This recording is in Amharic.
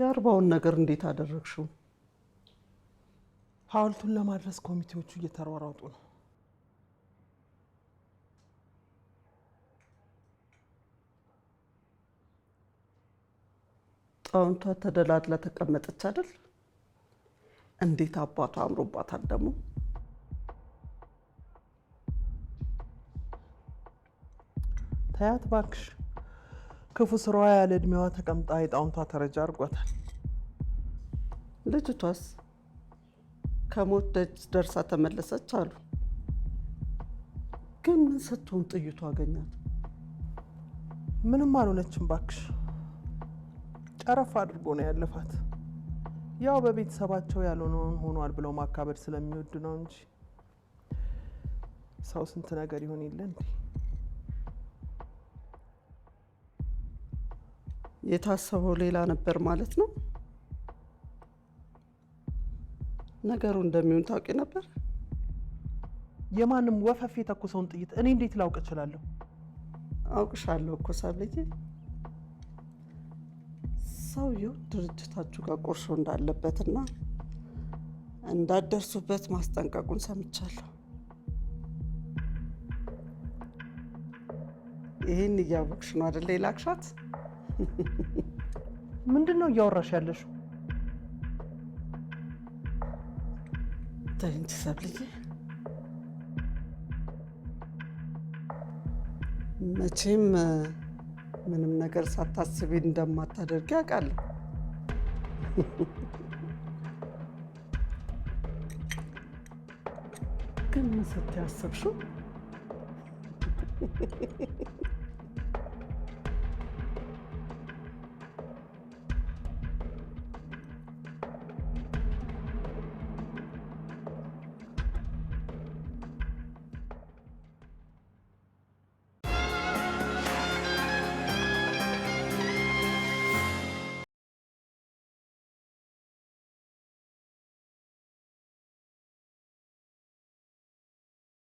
የአርባውን ነገር እንዴት አደረግሽው? ሐውልቱን ለማድረስ ኮሚቴዎቹ እየተሯሯጡ ነው። ጣውንቷ ተደላድላ ተቀመጠች አይደል? እንዴት አባቷ አምሮባታል ደግሞ። ታያት እባክሽ ክፉ ስራዋ ያለ እድሜዋ ተቀምጣ የጣውንቷ ተረጃ አድርጓታል። ልጅቷስ ከሞት ደጅ ደርሳ ተመለሰች አሉ። ግን ምን ስትሆን ጥይቱ አገኛት? ምንም አልሆነችም ባክሽ፣ ጨረፍ አድርጎ ነው ያለፋት። ያው በቤተሰባቸው ያልሆነውን ሆኗል ብለው ማካበድ ስለሚወድ ነው እንጂ ሰው ስንት ነገር ይሆን የለ እንዴ? የታሰበው ሌላ ነበር ማለት ነው። ነገሩ እንደሚሆን ታውቂ ነበር? የማንም ወፈፍ የተኮሰውን ጥይት እኔ እንዴት ላውቅ እችላለሁ? አውቅሻለሁ እኮ ሳለዬ፣ ሰውየው ድርጅታችሁ ጋር ቁርሾ እንዳለበትና እንዳደርሱበት ማስጠንቀቁን ሰምቻለሁ። ይህን እያወቅሽ ነው አደለ የላክሻት? ምንድን ነው እያወራሽ ያለሽ? ተይ እንጂ መቼም ምንም ነገር ሳታስቢ እንደማታደርጊ አውቃለሁ። ግን ምን ስትይ